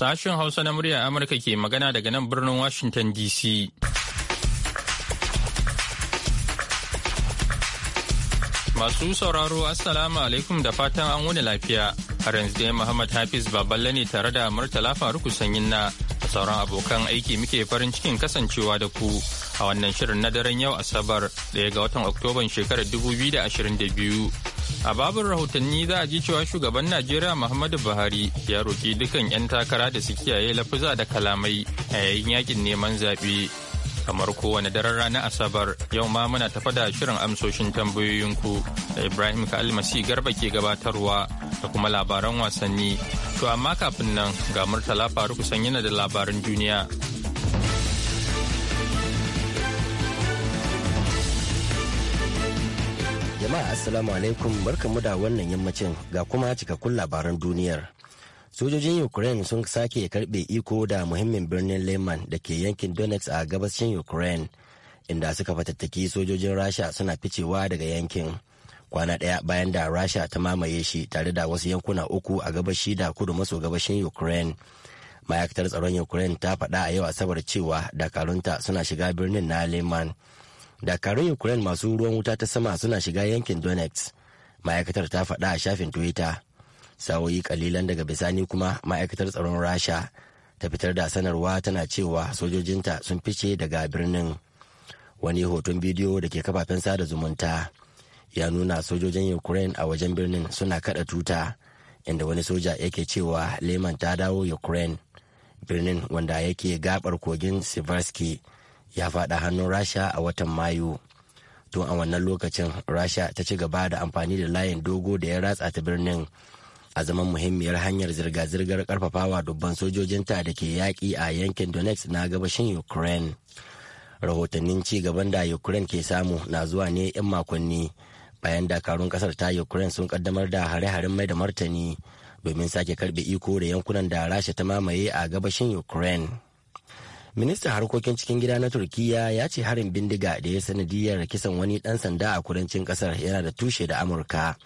Sashen Hausa na muryar Amurka ke magana daga nan birnin Washington DC. Masu sauraro Assalamu alaikum da fatan an wuni lafiya. Har yanzu dai Muhammad Hafiz Baballe ne tare da Murtala Faruku Sanyin na sauran abokan aiki muke farin cikin kasancewa da ku. a wannan shirin na daren yau Asabar daya ga watan Oktoban shekarar 2022. A babin rahotanni za a ji cewa shugaban Najeriya Muhammadu Buhari ya roƙi dukan 'yan takara da su kiyaye lafuza da kalamai a yayin yakin neman zaɓe. Kamar kowane daren ranar Asabar yau ma muna tafa da shirin amsoshin tambayoyinku da Ibrahim Kalmasi Garba ke gabatarwa da kuma labaran wasanni. To amma kafin nan ga Murtala kusan yana da labaran duniya. jama'a assalamu alaikum barkamu da wannan yammacin ga kuma cikakkun labaran duniyar sojojin ukraine sun sake karbe iko da muhimmin birnin leman da ke yankin donetsk a gabashin ukraine inda suka fatattaki sojojin rasha suna ficewa daga yankin kwana ɗaya bayan da rasha ta mamaye shi tare da wasu yankuna uku a gabashi da kudu maso gabashin ukraine ma'aikatar tsaron ukraine ta faɗa a yau asabar cewa dakarunta suna shiga birnin na leman dakarun ukraine masu ruwan wuta ta sama suna shiga yankin donetsk ma'aikatar ta faɗa a shafin twitter sa'o'i kalilan daga bisani kuma ma'aikatar tsaron rasha ta fitar da sanarwa tana cewa sojojinta sun fice daga birnin wani hoton bidiyo da ke kafafen sada zumunta ya nuna sojojin ukraine a wajen birnin suna kada tuta inda wani soja yake cewa leman ta dawo ukraine birnin wanda yake gabar kogin sivarsky ya faɗa hannun rasha a watan mayu tun a wannan lokacin rasha ta ci gaba da amfani da layin dogo da ya ratsa ta birnin a zaman muhimmiyar hanyar zirga-zirgar karfafawa dubban sojojinta da ke yaƙi a yankin donetsk na gabashin ukraine rahotannin ci gaban da ukraine ke samu na zuwa ne 'yan makonni bayan dakarun kasar ta ukraine sun kaddamar da hare-haren mai da martani domin sake karbe iko da yankunan da rasha ta mamaye a gabashin ukraine ministan harkokin cikin gida na turkiya ya ce harin bindiga da ya sanadiyar kisan wani dan sanda a kudancin kasar yana da tushe da amurka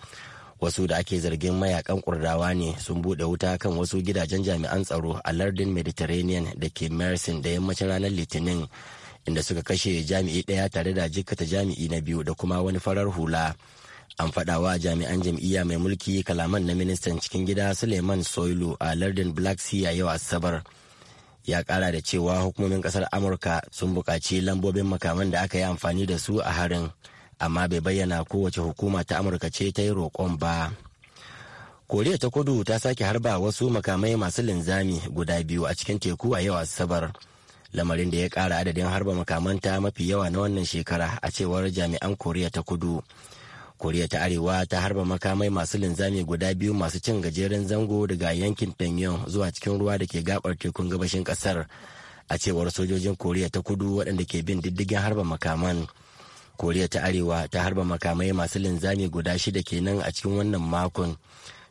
wasu da ake zargin mayakan kurdawa ne sun bude wuta kan wasu gidajen jami'an tsaro a lardin mediterranean da ke mersin da yammacin ranar litinin inda suka kashe jami'i ɗaya tare da jikkata jami'i na biyu da kuma wani farar hula an faɗawa jami'an jam'iyya mai mulki kalaman na ministan cikin gida suleiman soilu a lardin black sea yau asabar. ya kara da cewa hukumomin kasar amurka sun buƙaci lambobin makaman da aka yi amfani da su a harin amma bai bayyana kowace hukuma ta amurka ce ta yi roƙon ba koriya ta kudu ta sake harba wasu makamai masu linzami guda biyu a cikin teku a yau asabar lamarin da ya ƙara adadin harba makamanta mafi yawa na wannan shekara a cewar jami'an koriya ta kudu koriya ta arewa ta harba makamai masu linzami guda biyu masu cin gajeren zango daga yankin pyongyang zuwa cikin ruwa da ke gabar tekun gabashin kasar a cewar sojojin koriya ta kudu waɗanda ke bin diddigin harba makaman koriya ta arewa ta harba makamai masu linzami guda shida kenan a cikin wannan makon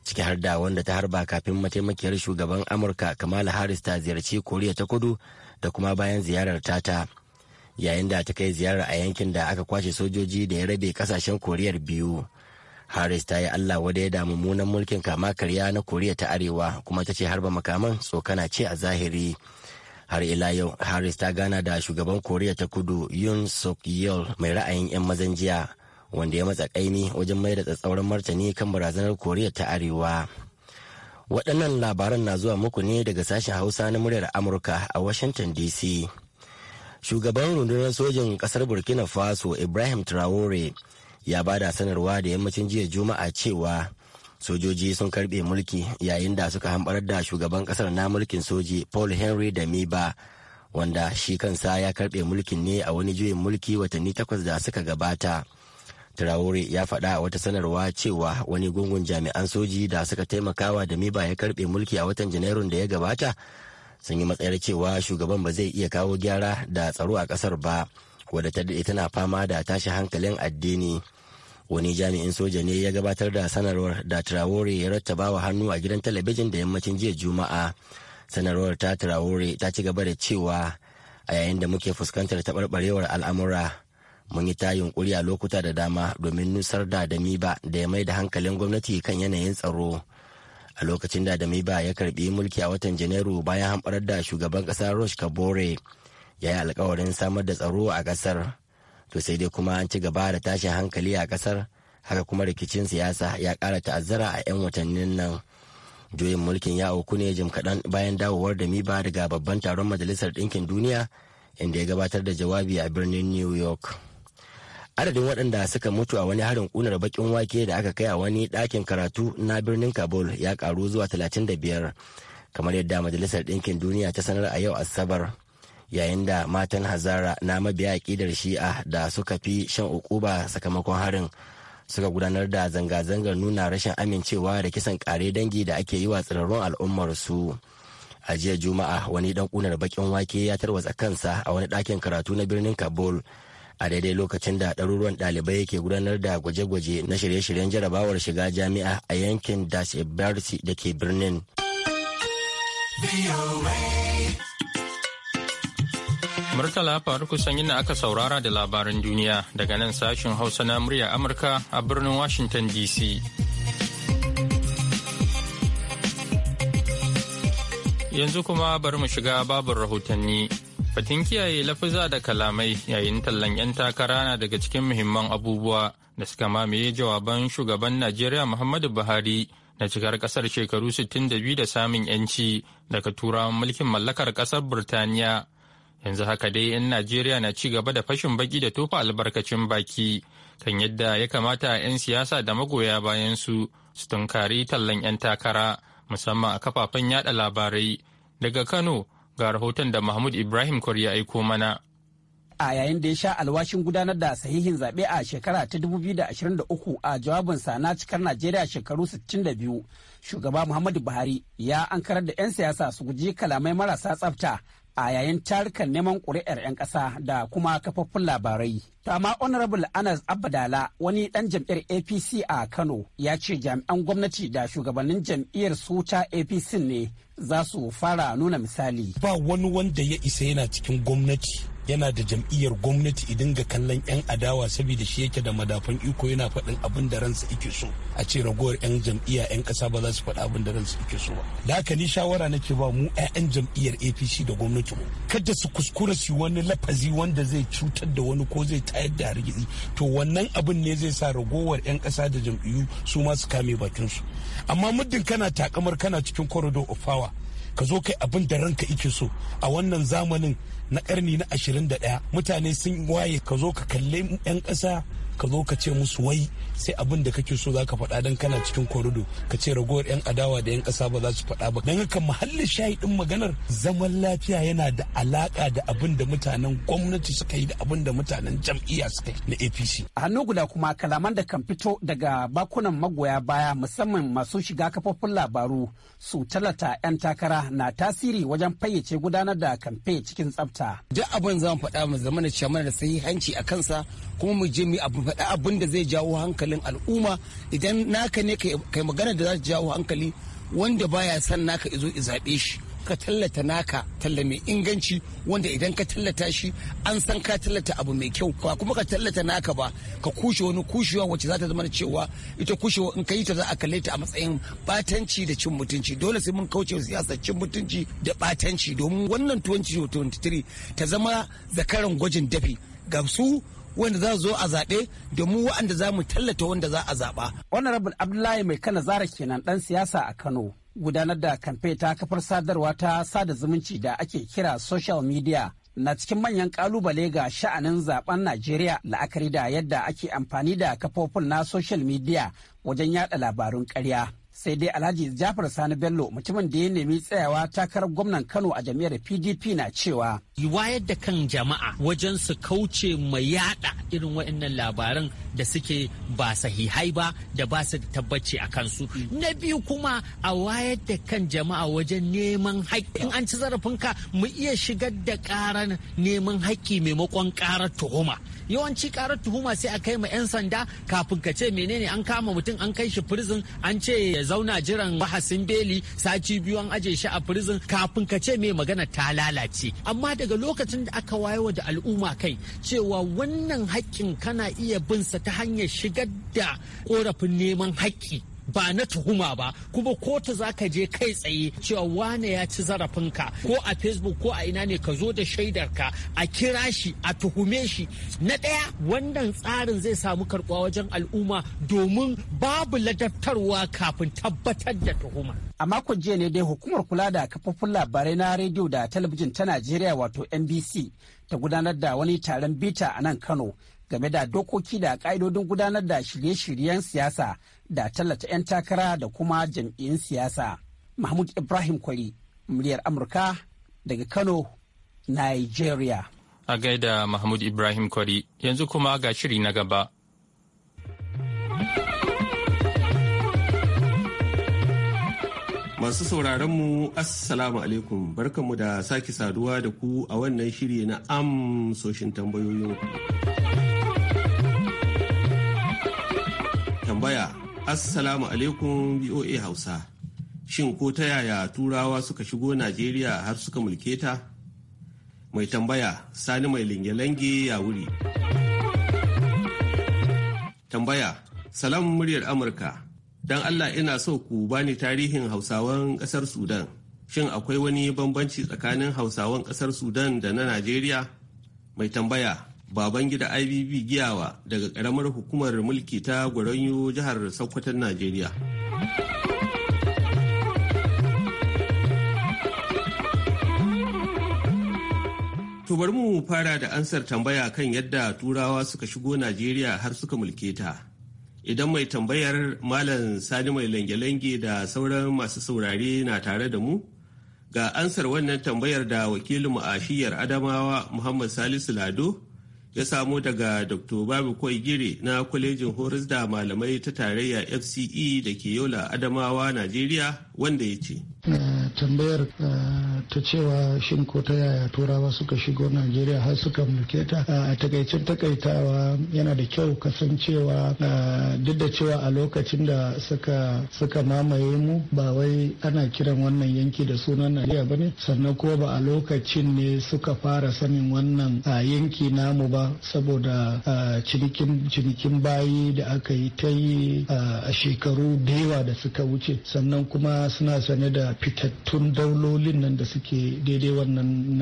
ciki har da wanda ta harba kafin mataimakiyar shugaban amurka kamala harris ta ziyarci koriya ta kudu da kuma bayan ziyarar ta ta yayin da ta kai ziyara a yankin da aka kwashe sojoji da ya rabe kasashen Koriya biyu harris ta yi allah wada ya damu munan mulkin kama karya na koriya ta arewa kuma ta ce harba makaman tsokana ce a zahiri har ila yau harris ta gana da shugaban koriya ta kudu yun suk yeol mai ra'ayin 'yan mazan jiya wanda ya matsa ƙaini wajen mai da tsatsauran martani kan barazanar koriya ta arewa waɗannan labaran na zuwa muku ne daga sashen hausa na muryar amurka a washington dc shugaban rundunar sojin kasar burkina faso ibrahim traore ya ba da sanarwa da yammacin jiya juma'a cewa sojoji sun karbe mulki yayin da suka hambar da shugaban kasar na mulkin soji paul henry da miba wanda shi kansa ya karbe mulkin ne a wani juyin mulki watanni takwas da suka gabata traore ya faɗa a wata sanarwa cewa wani gungun jami'an soji da suka taimakawa da miba ya karbe mulki a watan janairun da ya gabata sun yi matsayar cewa shugaban ba zai iya kawo gyara da tsaro a kasar ba wadda ta daɗe tana fama da tashi hankalin addini wani jami'in soja ne ya gabatar da sanarwar da traore ya rattabawa hannu a gidan talabijin da yammacin jiya juma'a sanarwar ta traore ta ci gaba da cewa a yayin da muke fuskantar taɓarɓarewar al'amura mun yi ta yunkuri a lokuta da dama domin nusar da ba da ya mai da hankalin gwamnati kan yanayin tsaro a lokacin da Damiba ya karbi mulki a watan Janairu bayan hamɓarar da shugaban ƙasar Roch Kabore ya yi alkawarin samar da tsaro a ƙasar. To sai dai kuma an ci gaba da tashin hankali a ƙasar haka kuma rikicin siyasa ya ƙara ta'azzara a 'yan watannin nan. Juyin mulkin ya auku ne jim kaɗan bayan dawowar Damiba daga babban taron Majalisar Ɗinkin Duniya inda ya gabatar da jawabi a birnin New York. adadin waɗanda suka mutu a wani harin ƙunar bakin wake da aka kai a wani ɗakin karatu na birnin kabul ya ƙaru zuwa 35 kamar yadda majalisar ɗinkin duniya ta sanar a yau asabar yayin da matan hazara na mabiya ƙidar shi'a da suka fi shan ukuba sakamakon harin suka gudanar da zanga-zangar nuna rashin amincewa da kisan kare dangi da ake yi wa tsirarrun al'ummar su a jiya juma'a wani dan ƙunar bakin wake ya tarwatsa kansa a wani ɗakin karatu na birnin kabul a daidai lokacin da ɗaruruwan ɗalibai ke gudanar da gwaje-gwaje na shirye-shiryen jarabawar shiga jami'a a yankin das eberti da ke birnin Murtala Faruku kusan na aka saurara da labaran duniya daga nan sashen Hausa na murya Amurka a birnin Washington DC. Yanzu kuma bari mu shiga babin rahotanni. Batun kiyaye lafuza da kalamai yayin tallan 'yan takara na daga cikin muhimman abubuwa da suka mamaye jawaban shugaban Najeriya Muhammadu Buhari na cikar kasar shekaru 62 da samun 'yanci daga turawan mulkin mallakar kasar Burtaniya. Yanzu haka dai 'yan Najeriya na ci gaba da fashin baki da tofa albarkacin baki kan yadda ya kamata 'yan siyasa da magoya bayan su su tunkari tallan 'yan takara musamman a kafafen yada labarai daga Kano. ga rahoton da Mahmud Ibrahim kwar ya aiko mana. A yayin da ya sha alwashin gudanar da sahihin zaɓe a shekara ta 2023 a jawabinsa na cikar Najeriya shekaru 62, shugaba Muhammadu Buhari ya ankarar da 'yan siyasa su guji kalamai marasa tsafta a yayin tarukan neman ƙuri'ar 'yan ƙasa da kuma kafofin labarai. ta amma Honorable Anas Abdala wani ɗan jam'iyyar APC a Kano ya ce jami'an gwamnati da shugabannin jam'iyyar su ta APC ne za su fara nuna misali. Ba wani wanda ya isa yana cikin gwamnati yana da jam'iyyar gwamnati idan ga kallon 'yan adawa saboda shi yake da madafan iko yana faɗin abin da ransa ike so a ce ragowar 'yan jam'iyya 'yan ƙasa ba za su faɗi abin da ransa ike so ba da haka ni shawara nake ba mu 'ya'yan jam'iyyar apc da gwamnati mu kada su kuskura su wani lafazi wanda zai cutar da wani ko zai tayar da hargitsi to wannan abin ne zai sa ragowar 'yan ƙasa da jam'iyyu su ma su kame bakinsu amma muddin kana takamar kana cikin corridor of power ka zo kai abin da ranka ike so a wannan zamanin na karni na 21 mutane sun waye ka zo ka kalle 'yan ƙasa ka zo ka ce musu wai sai abin da kake so zaka faɗa dan kana cikin korido ka ce ragowar yan adawa da yan ƙasa ba za su faɗa ba dan haka muhallin shayi din maganar zaman lafiya yana da alaka da abin da mutanen gwamnati suka yi da abin da mutanen jam'iyya suka yi na APC a hannu guda kuma kalaman da kan fito daga bakunan magoya baya musamman masu shiga kafofin labaru su talata yan takara na tasiri wajen fayyace gudanar da kamfe cikin tsafta duk abin zan faɗa mu zamana cewa da sahihanci a kansa kuma mu je mu abin faɗi abin da zai jawo hankalin al'umma idan naka ne kai magana da za ta jawo hankali wanda baya son naka izo i zaɓe shi ka tallata naka talla mai inganci wanda idan ka tallata shi an san ka tallata abu mai kyau ba kuma ka tallata naka ba ka kushe wani kushewa wacce za ta zama cewa ita kushewa in ka yi ta za a kalle ta a matsayin batanci da cin mutunci dole sai mun kauce siyasar cin mutunci da batanci domin wannan 2023 ta zama zakaran gwajin dafi gamsu wanda za zo a zaɓe da mu waɗanda za mu tallata wanda za a zaɓa. Honorable Abdullahi Mai Kana Zara kenan ɗan siyasa a Kano gudanar da kamfe ta kafar sadarwa ta sada zumunci da ake kira social media na cikin manyan kalubale ga sha'anin zaben Najeriya la'akari da yadda ake amfani da kafofin na social media wajen yada labarun ƙarya. sai dai alhaji jafar sani bello mutumin da ya nemi tsayawa takarar gwamnan kano a jami'ar pdp na cewa wayar da kan jama'a wajen su kauce ma yada irin waɗannan labaran da suke ba sahihai ba da ba su tabbaci a kansu na biyu kuma a wayar da kan jama'a wajen neman haƙƙi in an ci zarafinka mu iya shigar da ƙarar neman haƙƙi maimakon ƙarar tuhuma yawanci ƙarar tuhuma sai a kai ma 'yan sanda kafin ka ce menene an kama mutum an kai shi prison an ce zauna jiran bahasin beli sati biyu an aje shi a prison kafin ka ce mai magana ta lalace amma daga lokacin da aka wayo da al'umma kai cewa wannan haƙƙin kana iya bin sa ta hanyar shigar da korafin neman haƙƙi ba na tuhuma ba kuma kotu za ka je kai tsaye cewa wane ya ci zarafinka ko a facebook ko a ina ne ka zo da shaidarka a kira shi a tuhume shi na ɗaya wannan tsarin zai samu karɓuwa wajen al'umma domin babu ladabtarwa kafin tabbatar da tuhuma a makon jiya ne dai hukumar kula da kafofin labarai na rediyo da talabijin ta najeriya wato nbc ta gudanar da wani taron bita a nan kano game da dokoki da ƙa'idodin gudanar da shirye-shiryen siyasa da tallata 'yan takara da kuma jam'iyyun siyasa. Mahmud Ibrahim Kwari, muryar Amurka daga Kano, Nigeria. A gaida Mahmud Ibrahim Kwari, yanzu kuma ga shiri na gaba. Masu sauraronmu, Assalamu alaikum, barkanmu da sake saduwa da ku a wannan shiri na amsoshin tambayoyinku. tambaya assalamu alaikum boa hausa shin ko ta yaya turawa suka shigo najeriya har suka mulke ta mai tambaya sani mai linge ya wuri tambaya salam muryar amurka don allah ina so ku bani tarihin hausawan kasar sudan shin akwai wani bambanci tsakanin hausawan kasar sudan da na najeriya mai tambaya Baban Babangida IBB Giyawa daga karamar hukumar mulki ta Gwaranyo jihar Sokoton Najeriya. To bari mu fara da ansar tambaya kan yadda turawa suka shigo Najeriya har suka mulke ta. Idan mai tambayar Malam Sani mai lange-lange da sauran masu saurare na tare da mu, ga ansar wannan tambayar da wakilinmu a shiyar Adamawa Muhammad Salisu Lado ya samo daga dr babu gire na kwalejin horas da malamai ta tarayya fce da ke yola adamawa najeriya wanda ya ce Eh, tambayar eh, ta cewa shin ko ta yaya turawa suka shigo najeriya har suka mulke ta eh, a takaicin takaitawa yana da kyau kasancewa duk da cewa a lokacin da suka suka mamaye mu ba wai ana kiran wannan yanki da sunan najeriya ba ne sannan kuma ba a lokacin ne suka fara sanin wannan yanki namu ba saboda cinikin bayi da aka yi ta yi a shekaru da yawa da suka wuce sannan kuma suna sane da fitattun daulolin nan da suke daidai wannan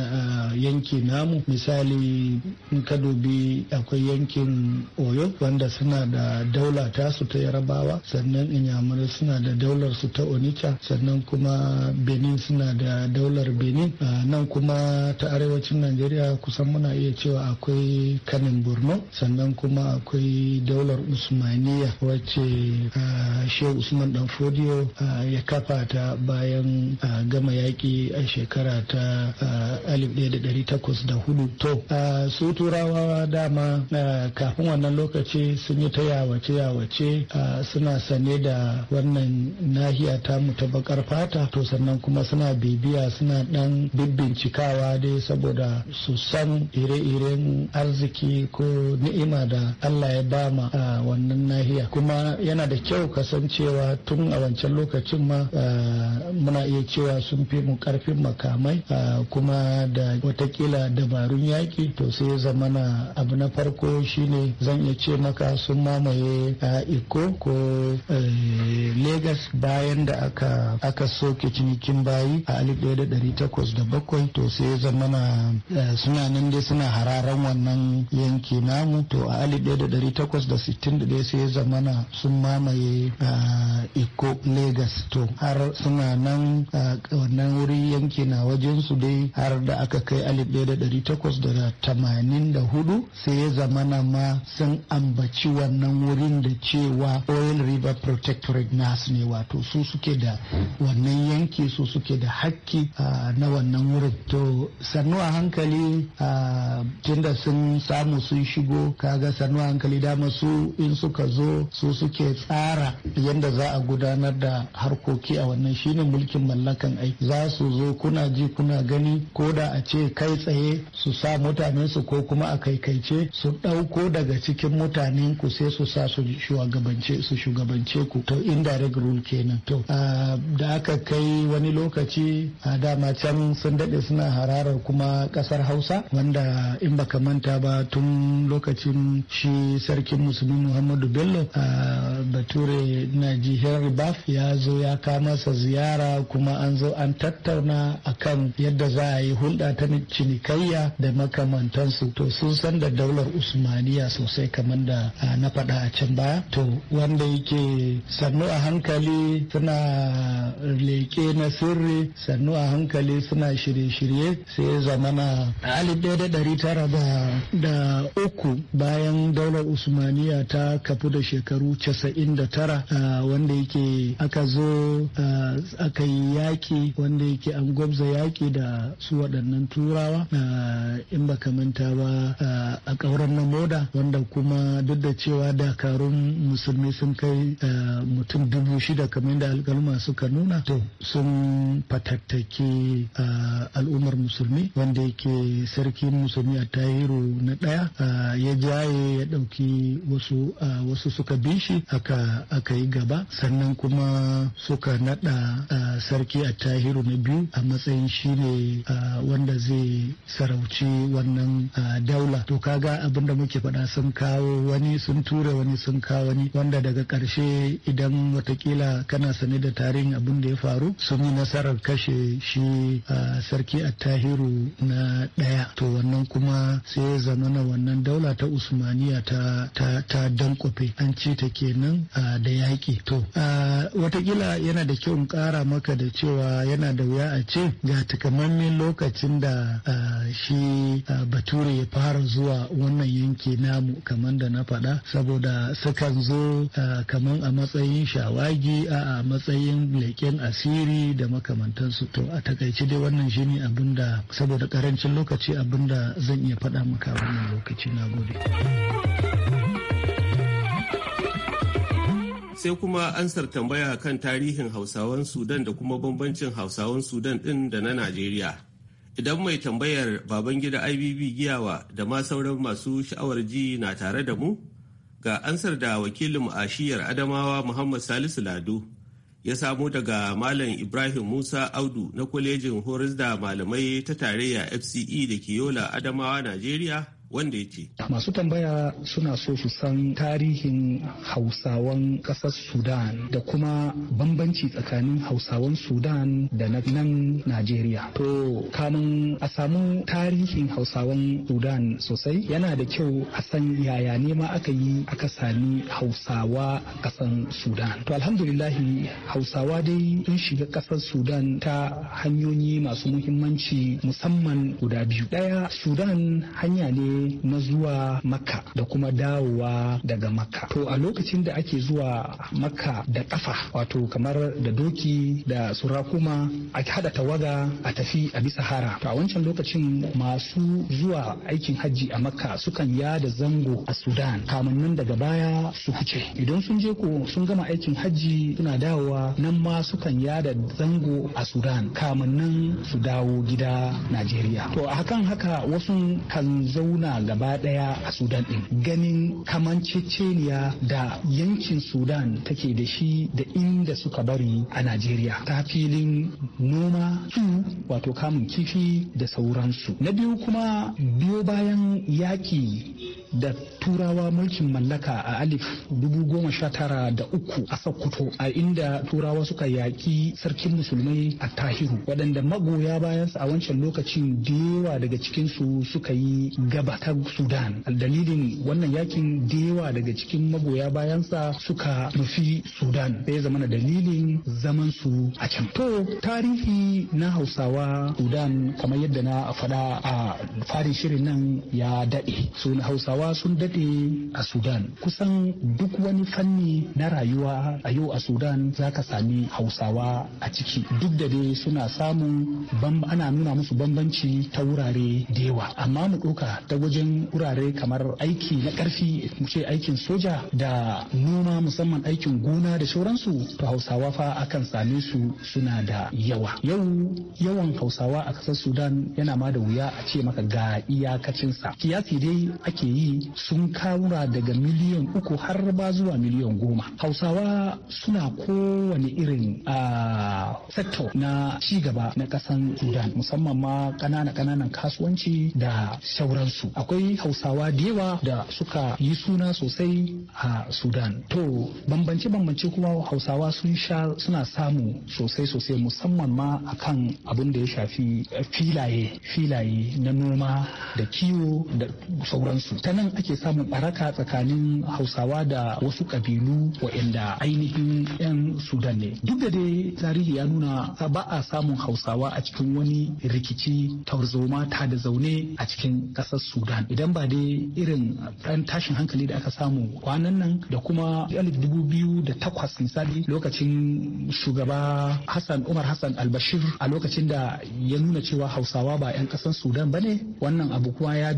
yanki namu misali in ka dubi akwai yankin oyo wanda suna da daula tasu ta yarabawa sannan inyamurai suna da daular su ta onitsha sannan kuma benin suna da daular benin nan kuma ta arewacin najeriya kusan muna iya cewa akwai kanin borno sannan kuma akwai daular usmaniya wacce shehu usman dan fodiyo ya kafa ta bayan bayan gama yaƙi a shekara ta ɗaya da da hudu to su turawa dama kafin wannan lokaci sun yi ta yawace yawace suna sane da wannan nahiya ta mu ta bakar fata to sannan kuma suna bibiya suna dan bibbincikawa dai saboda su san ire-iren arziki ko ni'ima da Allah ya bama a wannan nahiya kuma yana da kyau kasancewa tun a wancan lokacin ma muna iya cewa sun fi mu karfin makamai kuma da watakila dabarun yaƙi to sai ya zamana abu na farko shine zan iya ce maka sun mamaye a iko ko Legas bayan da aka soke cinikin bayi a 1807 to sai ya zamana suna nan dai suna hararan wannan yanki namu to a 1861 sai ya zamana sun mamaye iko Legas to har suna nan nan wannan wuri yanki na wajen su dai har da aka kai alif ɗaya da da tamanin da hudu sai ya na ma sun ambaci wannan wurin da cewa oil river protectorate nas ne wato su suke da wannan yanki su suke da hakki na wannan wurin to sannu a hankali tunda sun samu sun shigo kaga sannu a hankali dama su in suka zo su suke tsara yadda za a gudanar da harkoki a wannan shine mulki mulkin mallakan aiki za su zo kuna ji kuna gani ko da a ce kai tsaye su sa mutanen su ko kuma a kaikaice su ɗauko daga cikin mutanen ku sai su sa su shugabance su shugabance ku to indirect rule kenan to da aka kai wani lokaci a dama can sun daɗe suna hararar kuma ƙasar hausa wanda in baka manta ba tun lokacin shi sarkin musulmi muhammadu bello a bature na ji henry baff ya zo ya kama sa ziyara kuma an zo an tattauna akan yadda za a yi hulɗa ta cinikayya da makamantansu to sun san da daular usmaniya sosai kamar da na faɗa a can baya to wanda yake sannu a hankali suna leƙe na sirri sannu a hankali suna shirye-shirye sai ya zamana alif da uku bayan daular usmaniya ta kafu da shekaru casa'in da tara wanda yake aka zo aka yi yaƙi wanda yake an gwabza yaƙi da su waɗannan turawa eh, in ba manta ba eh, a ƙauren na moda wanda kuma duk da cewa dakarun musulmi sun kai eh, mutum dubu shida kamar da alƙalma suka nuna to sun fatattake al'ummar musulmi wanda yake sarkin musulmi a tahiru na ɗaya ya jaye ya ɗauki wasu wasu suka bishi aka yi gaba sannan kuma suka naɗa sarki a tahiru na biyu a matsayin shine wanda zai sarauci wannan daula to kaga abin da muke faɗa sun kawo wani sun ture wani sun kawo wani wanda daga ƙarshe idan watakila kana sane da tarihin abin da ya faru sun yi nasarar kashe shi sarki a tahiru na ɗaya to wannan kuma sai ya zamana wannan daula ta usmaniya ta ta ta an ce ta kenan da yaƙi to watakila yana da kyau in ƙara maka maka da cewa yana da wuya a ce ga takamammen lokacin da shi bature ya fara zuwa wannan yanki namu kamar da na faɗa saboda sukan zo kamar a matsayin shawagi a matsayin leƙen asiri da makamantansu to a takaice dai wannan shi ne abinda saboda karancin lokaci abinda zan iya faɗa maka wannan lokaci na gode. sai kuma ansar tambaya kan tarihin hausawan sudan da kuma bambancin hausawan sudan din da na najeriya idan mai tambayar Babangida ibb giyawa da ma sauran masu sha'awar ji na tare da mu ga ansar da wakilin ashiyar adamawa muhammad salisu lado ya samo daga malam ibrahim musa audu na kwalejin horis da malamai ta tarayya fce da ke yola adamawa najeriya wanda ya Masu tambaya suna so su san tarihin Hausawan ƙasar Sudan da kuma bambanci tsakanin Hausawan Sudan da nan Najeriya. To kamun a samu tarihin Hausawan Sudan sosai yana da kyau a san yaya ne ma aka yi aka sami Hausawa a ƙasar Sudan. To alhamdulillahi Hausawa dai sun shiga ƙasar Sudan ta hanyoyi masu muhimmanci musamman guda biyu. Ɗaya Sudan hanya ne na zuwa makka da kuma dawowa daga makka to a lokacin da ake zuwa makka da ƙafa wato kamar da doki da surakuma a hada tawaga a tafi a bisa hara to a wancan lokacin masu zuwa aikin hajji a makka sukan yada zango a sudan nan daga baya su huce idan sun je ko sun gama aikin hajji suna dawowa nan ma sukan yada zango a sudan nan su dawo gida najeriya to a hakan haka wasu kan zauna duniya gaba daya a sudan din ganin kamanceceniya da yankin sudan take da shi da inda suka bari a najeriya ta filin noma su wato kamun kifi da sauransu na biyu kuma biyo bayan yaki da turawa mulkin mallaka a alif dubu goma sha tara da uku a sakkuto a inda turawa suka yaƙi sarkin musulmai a tahiru waɗanda magoya bayansa a wancan lokacin da yawa daga cikinsu suka yi gaba ta sudan dalilin wannan yakin da yawa daga cikin magoya bayansa suka nufi sudan da ya zama dalilin zaman su a can to tarihi na hausawa sudan kamar yadda na faɗa a farin shirin nan ya daɗe su na hausawa Hausawa sun dade a Sudan. Kusan duk wani fanni na rayuwa a yau a Sudan za ka sami Hausawa a ciki. Duk da dai suna samun ana nuna musu bambanci ta wurare da yawa. Amma mu ɗauka ta wajen wurare kamar aiki na ƙarfi mu ce aikin soja da noma musamman aikin gona da sauransu to Hausawa fa akan same su suna da yawa. Yau yawan Hausawa a ƙasar Sudan yana ma da wuya a ce maka ga iyakacinsa. Kiyasi dai ake yi sun kawura daga miliyan uku har ba zuwa miliyan goma hausawa suna kowane irin a sector na cigaba na kasan sudan musamman ma ƙanana ƙananan kasuwanci da sauransu akwai hausawa da yawa da suka yi suna sosai a sudan to bambance bambance kuma hausawa sun sha suna samu sosai sosai musamman ma akan abin da ya shafi filaye filaye na noma da kiwo da sauransu ta nan ake samun baraka tsakanin hausawa da wasu kabilu waɗanda ainihin 'yan sudan ne duk da dai tarihi ya nuna ba a samun hausawa a cikin wani rikici tarzoma ta da zaune a cikin ƙasar sudan idan ba dai irin ɗan tashin hankali da aka samu kwanan nan da kuma takwas misali lokacin shugaba hassan umar hassan albashir a lokacin da ya nuna cewa hausawa ba 'yan ƙasar sudan ba ne wannan abu kuma ya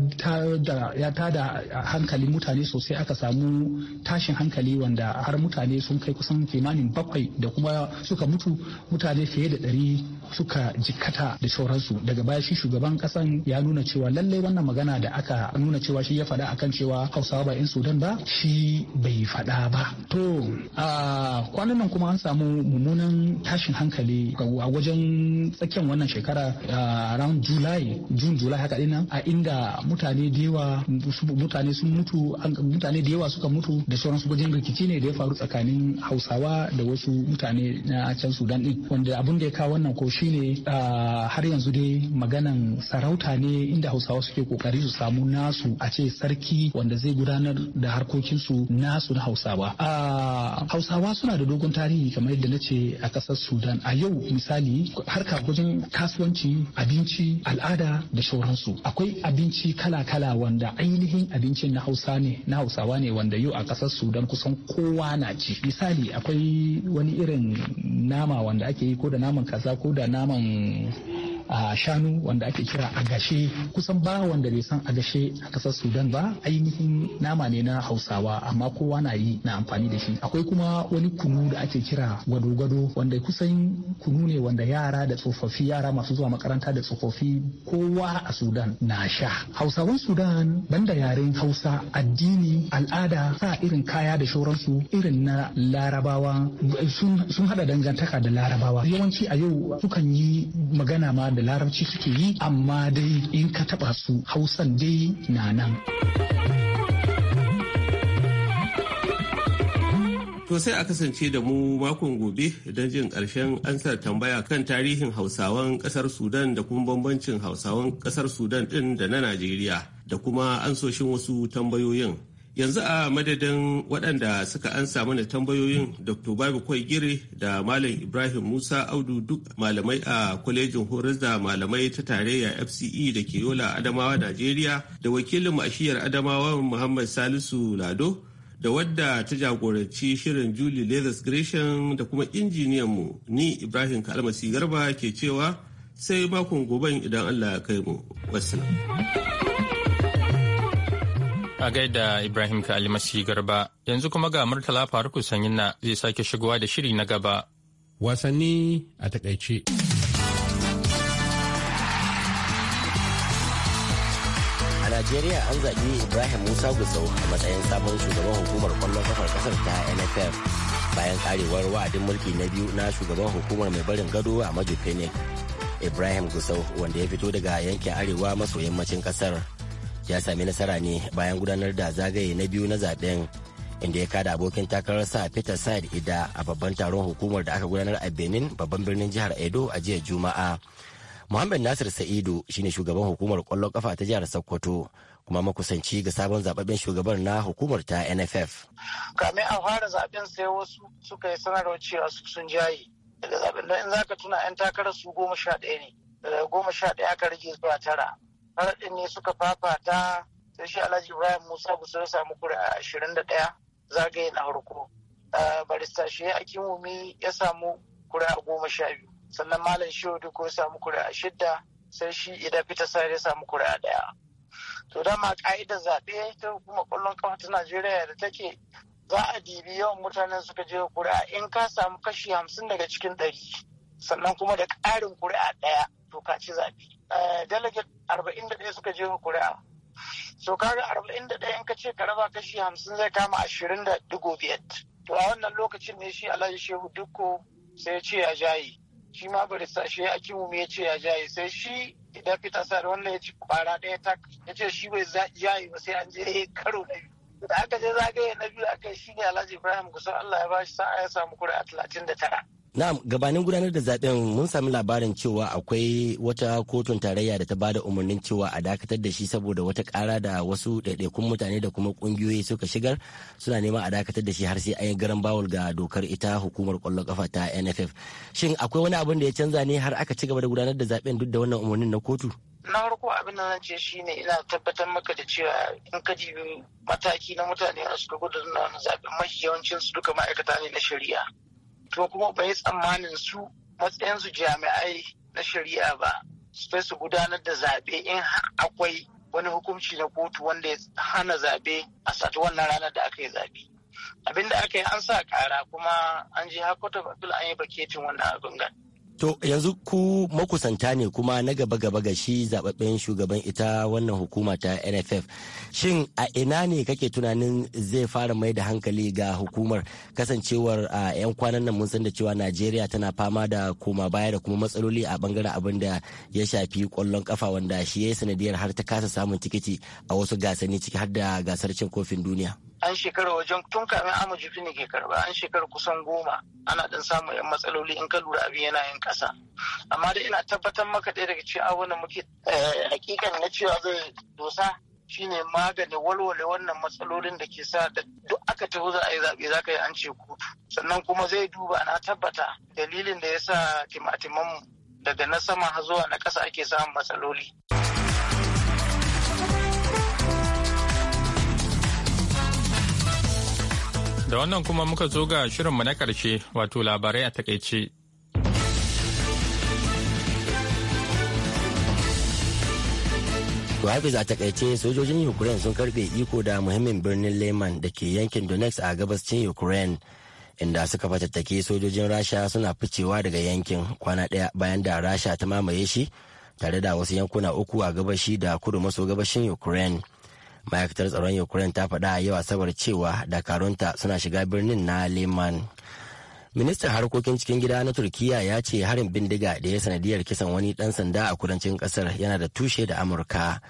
tada a hankalin mutane sosai aka samu tashin hankali wanda har mutane sun kai kusan kimanin bakwai da kuma suka mutu mutane fiye da ɗari suka jikkata da sauransu daga baya shi shugaban kasan ya nuna cewa lallai wannan magana da aka nuna cewa shi ya faɗa akan cewa hausawa ba in sudan ba shi bai faɗa ba to a kwanan nan kuma an samu mummunan tashin hankali a wajen tsakiyar wannan shekara a ran julai jun julai haka dinnan a inda mutane da yawa mutane sun mutu mutane da yawa suka mutu da sauransu wajen rikici ne da ya faru tsakanin hausawa da wasu mutane na can sudan din wanda abin da ya kawo wannan ko shine har yanzu dai maganan sarauta ne inda hausawa suke kokari su samu nasu a ce sarki wanda zai gudanar da harkokinsu nasu na hausawa hausawa suna da dogon tarihi kamar yadda na ce a kasar sudan a yau misali harka wajen kasuwanci abinci al'ada da sauransu akwai abinci kala-kala wanda ainihin abincin na hausa ne na hausawa ne wanda yau a kasar sudan kusan kowa na ci misali akwai wani irin nama wanda ake yi ko da naman kaza ko da naman a shanu wanda ake kira agashe kusan ba wanda bai san agashe a kasar sudan ba ainihin nama ne na hausawa amma kowa na yi na amfani da shi akwai kuma wani kunu da ake kira gwado-gwado wanda kusan kunu ne wanda yara da tsofaffi yara masu zuwa makaranta da tsofaffi kowa a sudan na sha hausawan sudan banda yaren hausa addini al'ada sa irin kaya da shauransu irin na larabawa sun hada dangantaka da larabawa yawanci a yau sukan yi magana ma da larabci suke yi amma dai in ka taba su hausan dai na nan To sai a kasance da mu makon gobe don jin ƙarshen ansar tambaya kan tarihin Hausawan ƙasar Sudan da kuma bambancin Hausawan ƙasar Sudan ɗin da na Najeriya da kuma ansoshin wasu tambayoyin. yanzu a madadin waɗanda suka ansa mana tambayoyin dr babu kwai gire da malam ibrahim musa audu duk malamai a kwalejin horar da malamai ta tarayya fce da ke yola adamawa najeriya da wakilin ashiyar adamawa muhammad salisu lado da wadda ta jagoranci shirin julie leathers gresham da kuma Mu ni ibrahim kalmasi garba ke cewa sai makon goben idan allah ya kai mu wasu A gaida Ibrahim ka Alimasi garba yanzu kuma ga Murtala Faruku Sanyina zai sake shigowa da shiri na gaba. Wasanni a takaice. A Najeriya an zaɓi Ibrahim Musa Gusau a matsayin sabon shugaban hukumar kwallon kafar ƙasar ta NFF bayan karewar wa'adin mulki na biyu na shugaban hukumar mai barin gado a Majo Ibrahim Gusau wanda ya fito daga yankin arewa maso yammacin ƙasar. ya sami nasara ne bayan gudanar da zagaye na biyu na zaben inda ya kada abokin takararsa peter side ida a babban taron hukumar da aka gudanar a benin babban birnin jihar edo a jiya juma'a muhammad nasir sa'idu shine shugaban hukumar kwallon kafa ta jihar sokoto kuma makusanci ga sabon zababben shugaban na hukumar ta nff kame a fara zaben sai wasu suka yi sanarwar cewa sun jayi daga zaben in zaka tuna yan takarar su goma sha ɗaya ne daga goma sha ɗaya aka rage zuwa tara ɗin ne suka fafata sai shi alhaji ibrahim musa gusa ya samu kuri'a ashirin da ɗaya zagaye na harko barista shi ya akimumi ya samu kuri'a goma sha biyu sannan malam shehu duko ya samu kuri'a shidda sai shi idan fita sa ya samu kuri'a ɗaya to dama ka'idar zaɓe ta hukumar ƙwallon kafa ta najeriya da take za a dibi yawan mutanen suka je kuri'a in ka samu kashi hamsin daga cikin ɗari sannan kuma da ƙarin kuri'a ɗaya to ka ci zaɓe Eh, delegate 41 suka jefa kuri'a so kaga 41 in ka ce ka raba kashi 50 zai kama 20.5 to a wannan lokacin ne shi alhaji shehu dukko sai ya ce ya jayi shi ma sa shi ya mu ya ce ya jayi sai shi idan fita da wannan ya ci kwara ɗaya ta ya ce shi bai jayi ba sai an je karo na biyu da aka je zagaye na biyu aka shi ne alhaji ibrahim gusar allah ya shi sa'a ya samu kuri'a 39 Na'am gabanin gudanar da zaben mun sami labarin cewa akwai wata kotun tarayya da ta bada umarnin cewa a dakatar da shi saboda wata kara da wasu ɗaiɗaikun mutane da kuma ƙungiyoyi suka shigar suna neman a dakatar da shi har sai an yi garan bawul ga dokar ita hukumar ƙwallon kafa ta NFF. Shin akwai wani abin da ya canza ne har aka ci gaba da gudanar da zaben duk da wannan umarnin na kotu? na farko abin da ce shi ne ina tabbatar maka da cewa in ka mataki na mutane a suka gudanar da zaɓen mafi yawancin su duka ma'aikata ne na shari'a to kuma bai tsammanin su matsayinsu jami'ai na shari'a ba fai su gudanar da zaɓe in akwai wani hukunci na kotu wanda ya hana zaɓe a sati wannan ranar da aka yi zaɓe abinda aka yi an sa kara kuma an je hakotar an yi baketin wannan abin gan To yanzu ku makusanta ne kuma na gaba gaba ga shi zababben shugaban ita wannan hukuma ta NFF. Shin a ina ne kake tunanin zai fara mai da hankali ga hukumar kasancewar a 'yan kwanan nan mun san da cewa Najeriya tana fama da koma baya da kuma matsaloli a bangaren abin da ya shafi kwallon kafa wanda shi ya yi sanadiyar har ta kasa samun tikiti a wasu gasanni ciki har da gasar cin kofin duniya. an shekara wajen tun kamin amma jifi ne ke karba an shekara kusan goma ana dan samun yan matsaloli in ka lura abin yana yin kasa amma da ina tabbatar maka ɗaya daga cikin abubuwan muke eh, hakikan na cewa zai dosa shine magani walwale wannan matsalolin da ke sa da duk aka taho za a yi zaɓe za ka yi an ce kutu sannan kuma zai duba na tabbata dalilin da ya sa timatimanmu daga na sama zuwa na ƙasa ake samun matsaloli. Da wannan kuma muka zo ga shirinmu na ƙarshe wato labarai a takaice. Hafiz a takaice sojojin Ukraine sun karbe iko da muhimmin birnin Leman da ke yankin Donetsk a gabascin Ukraine inda suka fatattake sojojin Rasha suna ficewa daga yankin kwana ɗaya bayan da Rasha ta mamaye shi tare da wasu yankuna uku a gabashi da kudu maso gabashin Ukraine. ma'aikatar tsaron ukraine ta faɗa a yau asabar cewa dakarunta suna shiga birnin na leman ministan harkokin cikin gida na turkiya ya ce harin bindiga da ya sanadiyar kisan wani dan sanda a kudancin kasar yana da tushe da amurka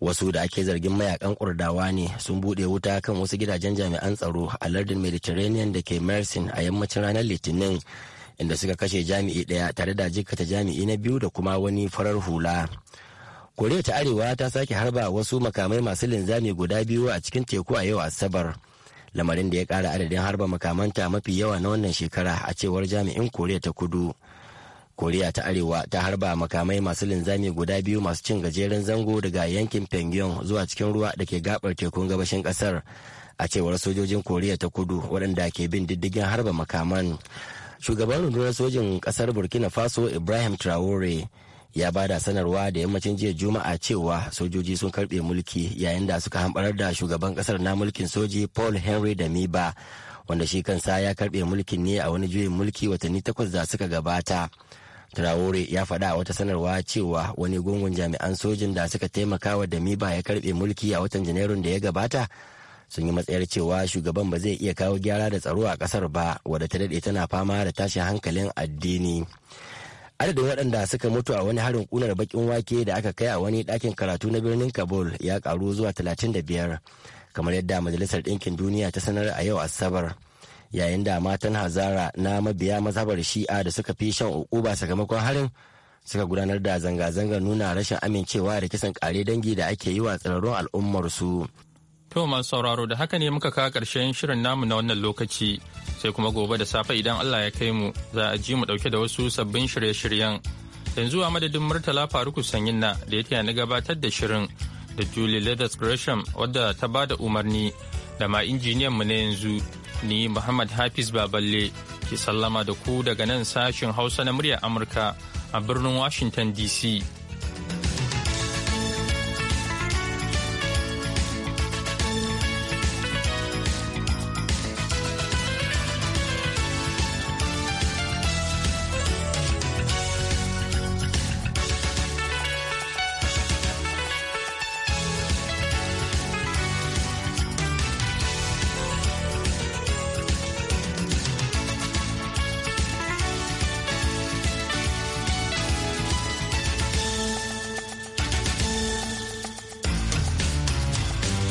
wasu da ake zargin mayakan kurdawa ne sun bude wuta kan wasu gidajen jami'an tsaro a lardin mediterranean da ke mersin a yammacin ranar litinin inda suka kashe jami'i daya tare da jikata jami'i na biyu da kuma wani farar hula. koriya ta arewa ta sake harba wasu makamai masu linzami guda biyu a cikin teku a yau asabar lamarin da ya kara adadin harba makamanta mafi yawa na wannan shekara a cewar jami'in koriya ta kudu koriya ta arewa ta harba makamai masu linzami guda biyu masu cin gajeren zango daga yankin pyongyang zuwa cikin ruwa da ke gabar tekun gabashin kasar a cewar sojojin koriya ta kudu waɗanda ke bin diddigin harba makaman shugaban rundunar sojin kasar burkina faso ibrahim traore ya ba da sanarwa da yammacin jiya juma'a cewa sojoji sun karbe mulki yayin da suka hambarar da shugaban kasar na mulkin soji paul henry da miba wanda shi kansa ya karbe mulkin ne a wani juyin mulki watanni takwas da suka gabata traore ya faɗa wata sanarwa cewa wani gungun jami'an sojin da suka taimaka wa da miba ya karbe mulki a watan janairun da ya gabata sun yi matsayar cewa shugaban ba zai iya kawo gyara da tsaro a kasar ba wadda ta daɗe tana fama da tashin hankalin addini adadin waɗanda suka mutu a wani harin kunar bakin wake da aka kai a wani ɗakin karatu na birnin kabul ya karu zuwa 35 kamar yadda majalisar ɗinkin duniya ta sanar a yau asabar yayin da matan hazara na mabiya mazhabar shi'a da suka fi shan ukuba sakamakon harin suka gudanar da zanga-zangar nuna rashin amincewa da kisan kare dangi da ake yi wa tsirarun al'ummarsu. To masu sauraro da haka ne muka kawo ƙarshen shirin namu na wannan lokaci sai kuma gobe da safe idan Allah ya kai mu za a ji mu dauke da wasu sabbin shirye-shiryen. Yanzu a madadin Murtala Faruku Sanyin na da ya na gabatar da shirin da Julie Leathers Gresham wadda ta ba da umarni da ma injiniyan mu na yanzu ni Muhammad Hafiz Baballe ke sallama da ku daga nan sashin Hausa na muryar Amurka a birnin Washington DC.